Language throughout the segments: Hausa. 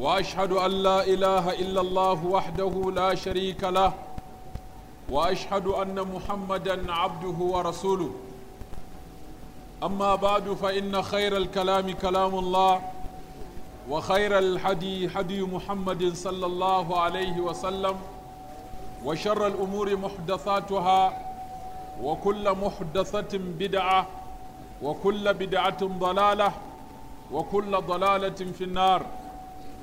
واشهد ان لا اله الا الله وحده لا شريك له واشهد ان محمدا عبده ورسوله اما بعد فان خير الكلام كلام الله وخير الحدي حدي محمد صلى الله عليه وسلم وشر الامور محدثاتها وكل محدثه بدعه وكل بدعه ضلاله وكل ضلاله في النار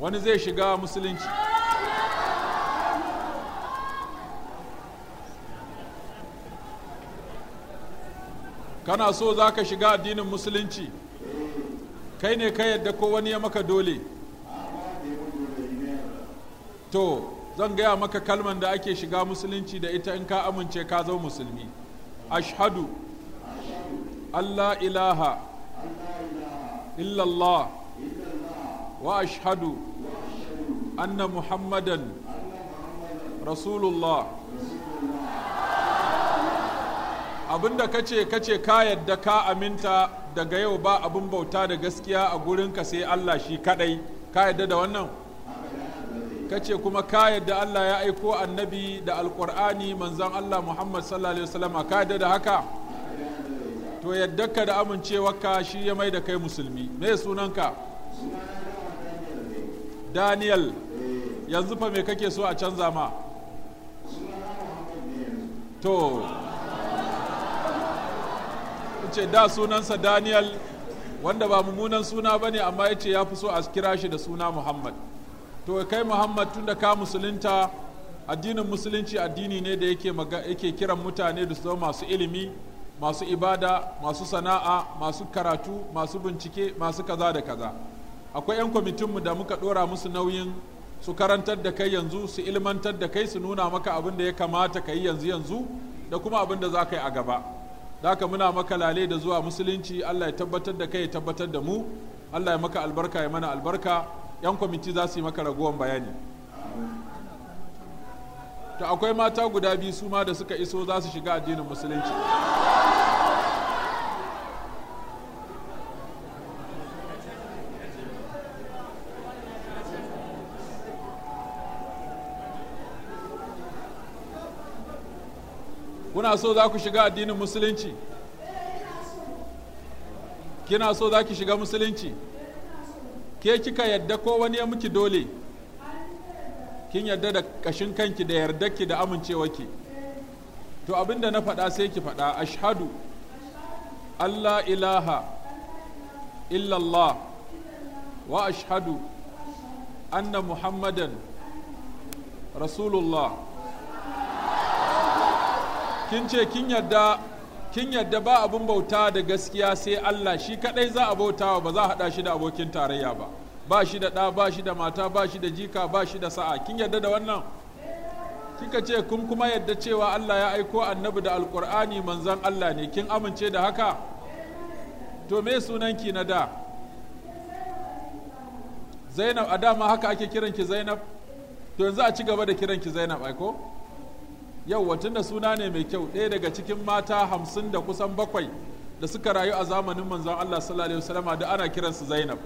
wani zai shiga musulunci kana so za ka shiga addinin musulunci kai ne ka yadda ko wani ya maka dole to zan gaya maka kalman da ake shiga musulunci da ita in ka amince ka zama musulmi ashadu allah ilaha illallah wa ashhadu أن محمدا رسول abinda kace kace ka yadda ka aminta daga yau ba abin bauta da gaskiya a gurinka sai Allah shi kadai ka yadda da wannan kace kuma ka yadda Allah ya aiko annabi da alkur'ani manzon Allah Muhammad sallallahu alaihi wasallam ka yadda da haka to yadda ka da amincewarka shi ya mai da kai musulmi me sunanka Daniel yanzu fa me kake so a canza ma to ce da sunansa daniel wanda ba mummunan suna ba ne amma ya ce ya fi so a kira shi da suna muhammad to kai muhammad tun da ka musulunta addinin musulunci addini ne da yake kiran mutane da su masu ilimi masu ibada masu sana'a masu karatu masu bincike masu kaza da kaza akwai 'yan kwamitinmu da muka ɗora musu nauyin su karantar da kai yanzu su ilmantar da kai su nuna maka abin da ya kamata ka yi yanzu yanzu da kuma abin da za ka yi a gaba da ka muna maka lale da zuwa musulunci allah ya tabbatar da kai ya tabbatar da mu allah ya maka albarka ya mana albarka yan kwamiti za su yi maka ragowar bayani to akwai mata guda biyu su ma da suka iso za su shiga addinin musulunci kina so za ku shiga addinin musulunci kina so za ki shiga musulunci ke kika yadda ko wani ya muki dole kin yadda da kashin kanki da yardarki da amincewarki to da na faɗa sai ki faɗa ashhadu allah ilaha illallah wa ashhadu anna muhammadan rasulullah kin ce kin yadda kin yadda ba abun bauta da gaskiya sai Allah shi kadai za a bautawa ba za a hada shi da abokin tarayya ba ba shi da ɗa ba shi da mata ba shi da jika ba shi da sa'a kin yadda da wannan kika ce kun kuma yadda cewa Allah ya aiko annabi da alkur'ani manzan Allah ne kin amince da haka to me ki na da Zainab a dama haka ake kiranki Zainab to yanzu a ci gaba da kiranki Zainab aiko yau watan da suna ne mai kyau ɗaya daga cikin mata hamsin da kusan bakwai da suka rayu a zamanin manzon Allah sallallahu alaihi wasallam da ana kiransu Zainab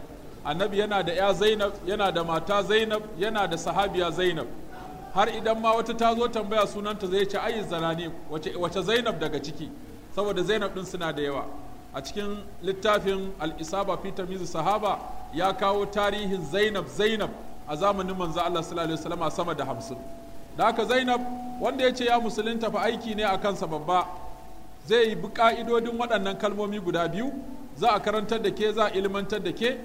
annabi yana da ya Zainab yana da mata Zainab yana da sahabiya Zainab har idan ma wata ta zo tambaya sunanta zai ce ayi zanani wace wace Zainab daga ciki saboda Zainab din suna da yawa a cikin littafin al-Isaba fi tamyiz sahaba ya kawo tarihin Zainab Zainab a zamanin manzon Allah sallallahu alaihi wasallam sama da hamsin. da haka zainab wanda ya ce ya musulunta fa aiki ne a kansa babba zai yi ka'idodin waɗannan kalmomi guda biyu za a karantar da ke za a ilmantar da ke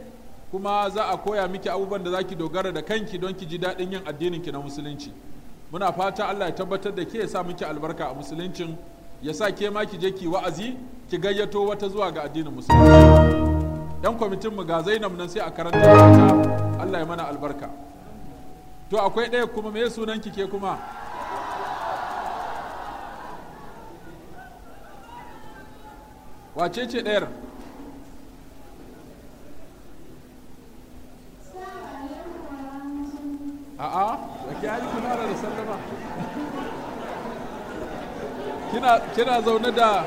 kuma za a koya miki abubuwan da za ki dogara da kanki don ki ji daɗin yin addinin ki na musulunci muna fata allah ya tabbatar da ke ya sa miki albarka a musuluncin ya sa ke ma ki je ki wa'azi ki gayyato wata zuwa ga addinin musulunci yan kwamitin mu ga zainab nan sai a da ta allah ya mana albarka to akwai ɗaya kuma me sunan ki ke kuma wace ce ɗayar a'a da ke hali kuna da sallama kina kina zaune da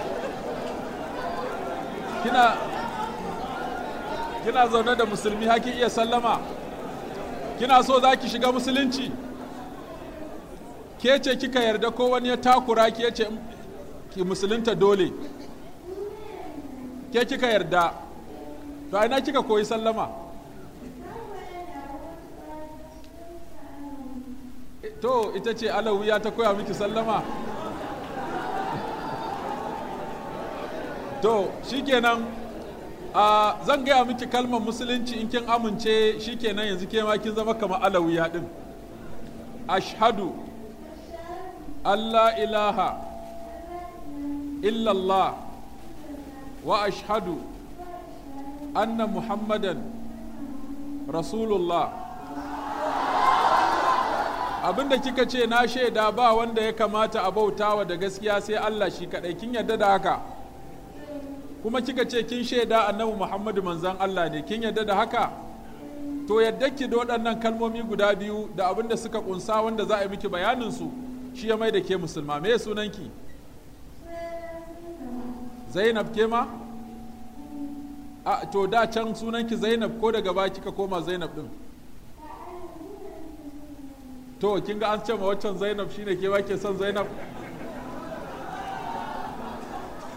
kina kina zaune da musulmi hakin iya sallama kina so za ki shiga musulunci ke ce kika yarda ko wani ya takura ke ce ki musulunta dole ke kika yarda to a ina kika koyi sallama to ita ce alawiya ta koya miki sallama to shikenan a zan gaya miki kalmar musulunci in kin amince shi shikenan yanzu ke ma kin zama kamar alawiya din ashhadu allah ilaha illallah wa ashhadu anna muhammadan rasulullah abinda kika ce na shaida ba wanda ya kamata a bautawa da gaskiya sai allah shi kaɗai kin yarda da haka kuma kika ce kin shaida annabi Muhammadu manzan Allah ne kin yadda da haka to yadda ki da waɗannan kalmomi guda biyu da abin da suka kunsa wanda za a yi miki bayanin su shi ya mai da ke musulma me sunanki Zainab ke ma a to da can sunanki Zainab ko daga ba kika koma Zainab din to kin ga an ce ma waccan Zainab shine ke ba ke son Zainab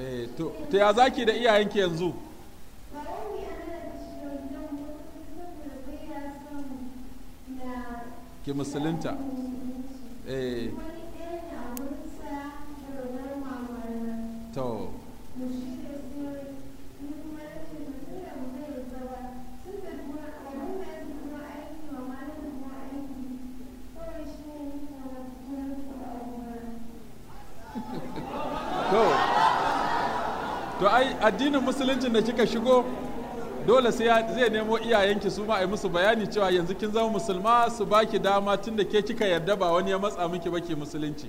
Eh, to ta ya zaki da iyayenki yanzu ki musulunta eh to to ai addinin musuluncin da kika shigo dole sai zai nemo iyayenki su ma a musu bayani cewa yanzu kin zama musulma su baki dama tun da ke kika yarda ba wani ya matsa miki ba ke musulunci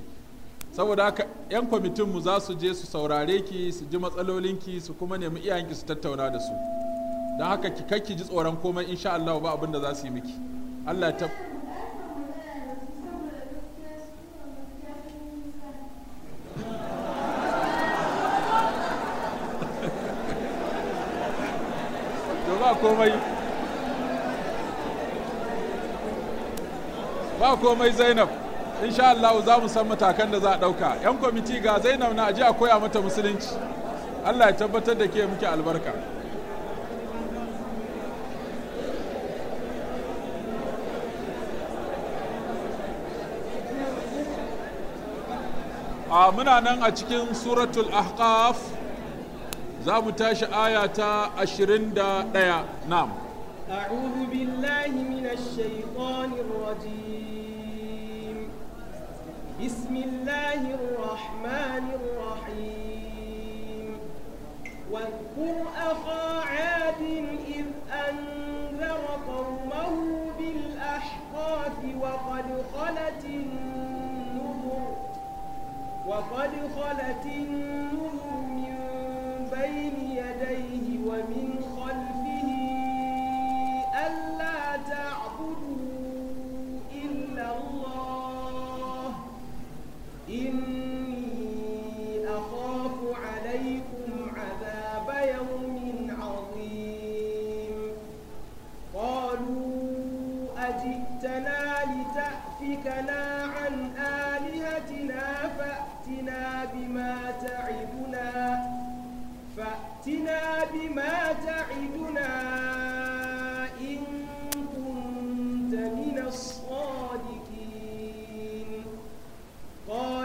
saboda haka 'yan kwamitinmu za su je su saurare ki su ji matsalolinki su kuma nemi iyayenki su tattauna da su don haka ki ji tsoron komai insha Allah ba abin da za su yi miki Allah ta komai ba komai zainab insha Allah za mu san matakan da za a ɗauka 'yan kwamiti ga zainab na aji a koya mata musulunci Allah ya tabbatar da ke muke albarka a muna nan a cikin suratul ahqaf za آية tashi aya ta 21 na'am أعوذ بالله من الشيطان الرجيم بسم الله الرحمن الرحيم واذكر أخا عاد إذ أنذر قومه بالأحقاف وقد خلت النذر وقد خلت النذر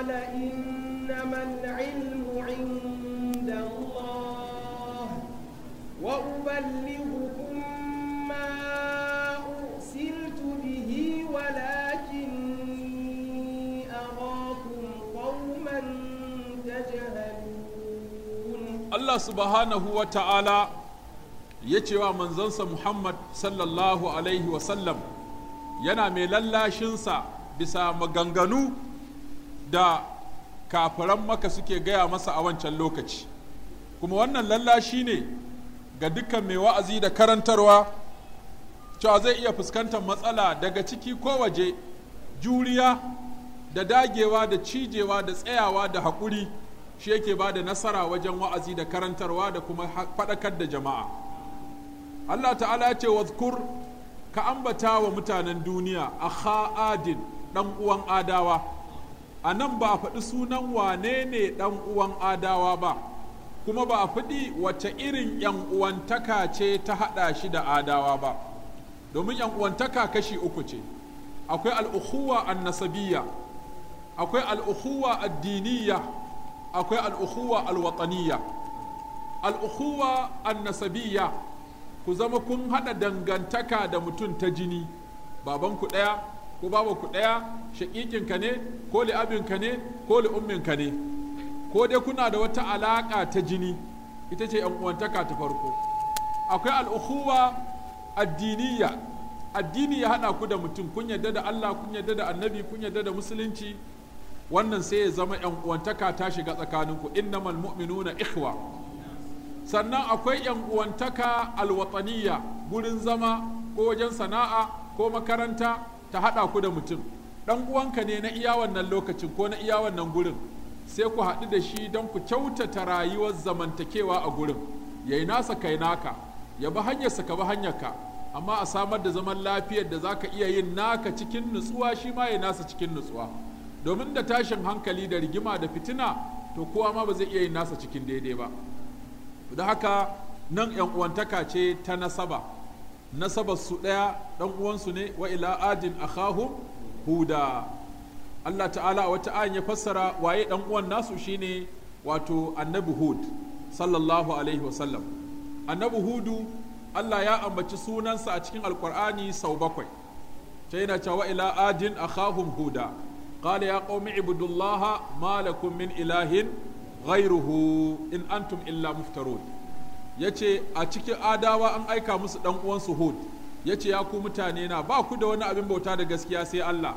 قال إنما العلم عند الله وأبلغكم ما أرسلت به ولكني أراكم قوما تجهلون الله سبحانه وتعالى يتوى من زنس محمد صلى الله عليه وسلم yana mai lallashinsa bisa maganganu da kafiran maka suke gaya masa a wancan lokaci kuma wannan lallashi ne ga dukkan mai wa'azi da karantarwa cewa zai iya fuskantar matsala daga ciki ko waje juriya da dagewa da cijewa da tsayawa da haƙuri shi yake ba da nasara wajen wa'azi da karantarwa da kuma faɗakar da jama'a allah ta'ala ce wazkur ka ambata wa mutanen duniya a ha'adin ɗan uwan adawa a nan ba a faɗi sunan wane ne ɗan uwan adawa ba kuma ba a faɗi wace irin yan uwantaka ce ta haɗa shi da adawa ba domin yan uwantaka kashi uku ce akwai al'uhuwa nasabiya. akwai al'uhuwa addiniya akwai al'uhuwa alwataniya al'uhuwa nasabiya ku zama kun haɗa dangantaka da mutum ta jini babanku ɗaya ko babu ku ɗaya shaƙiƙinka ne ko li'abinka ne ko li'umminka ne ko dai kuna da wata alaƙa ta jini ita ce uwantaka ta farko akwai al'ukuwa addiniya addini ya haɗa ku da mutum kun yarda da Allah kun yarda da annabi kun yarda da musulunci wannan sai ya zama yan uwantaka ta shiga tsakaninku innamal mu'minuna ikhwa sannan akwai yan uwantaka alwataniya gurin zama ko wajen sana'a ko makaranta ta haɗa ku da mutum ɗan uwanka ne na iya wannan lokacin ko na iya wannan gurin sai ku haɗu da shi don ku kyautata rayuwar zamantakewa a gurin ya yi nasa kai naka ya bi hanyarsa ka bi hanyarka amma a samar da zaman lafiyar da za ka iya yin naka cikin nutsuwa shi ma ya nasa cikin nutsuwa domin da tashin hankali da rigima da fitina to kowa ma ba zai iya yin nasa cikin daidai ba da haka nan 'yan uwantaka ce ta nasaba nasabar su ɗaya ɗan uwansu ne wa ila adin akhahum huda Allah ta'ala a wata ayan ya fassara waye ɗan uwan nasu shine wato annabi hud sallallahu alaihi wasallam annabi hudu Allah ya ambaci sunansa a cikin alkur'ani sau bakwai ta yana cewa ila adin akhahum huda qala ya qaumi ibudullaha ma min ilahin ghayruhu in antum illa muftarun ya ce a cikin adawa an aika musu ɗan uwansu hud ya ce ya ku mutane na ba ku da wani abin bauta da gaskiya sai allah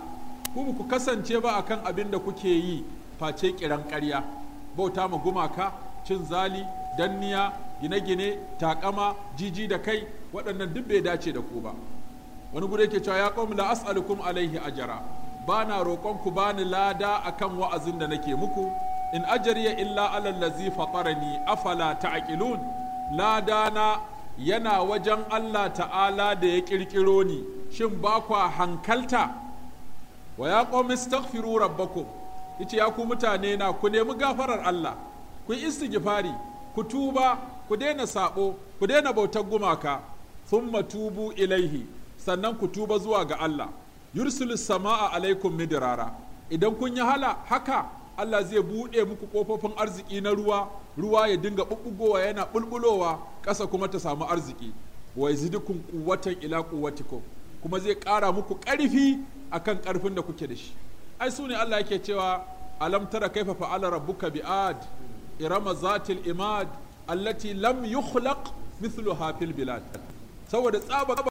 ku ku kasance ba akan abin da kuke yi face kiran ƙarya bauta ma gumaka cin zali danniya gine-gine takama jiji da kai waɗannan duk bai dace da ku ba wani gudu yake cewa ya kawo la as'alukum alaihi ajara bana roƙon ku bani lada akan wa'azin da nake muku in ajariya illa alallazi ladzi fatarani afala ta'qilun ladana yana wajen Allah ta'ala da ya ƙirƙiro ni shin ba kwa hankalta wa ya ƙomi staghfiru rabbakum yace ya ku mutane na ku nemi gafarar Allah ku istighfari ku tuba ku daina sabo ku daina bautar gumaka thumma tubu ilaihi sannan ku tuba zuwa ga Allah yursilu sama'a alaikum midrara idan kun yi hala haka Allah zai buɗe muku ƙofofin arziki na ruwa ruwa ya dinga ɓuɓɓugowa yana ɓulɓulowa ƙasa kuma ta samu arziki wa yazidukum kuwatan ila quwwatikum kuma zai ƙara muku ƙarfi akan ƙarfin da kuke da shi ai su ne Allah yake cewa alam tara kaifa fa'ala rabbuka bi'ad irama zatil imad allati lam yukhlaq mithluha fil bilad saboda tsaba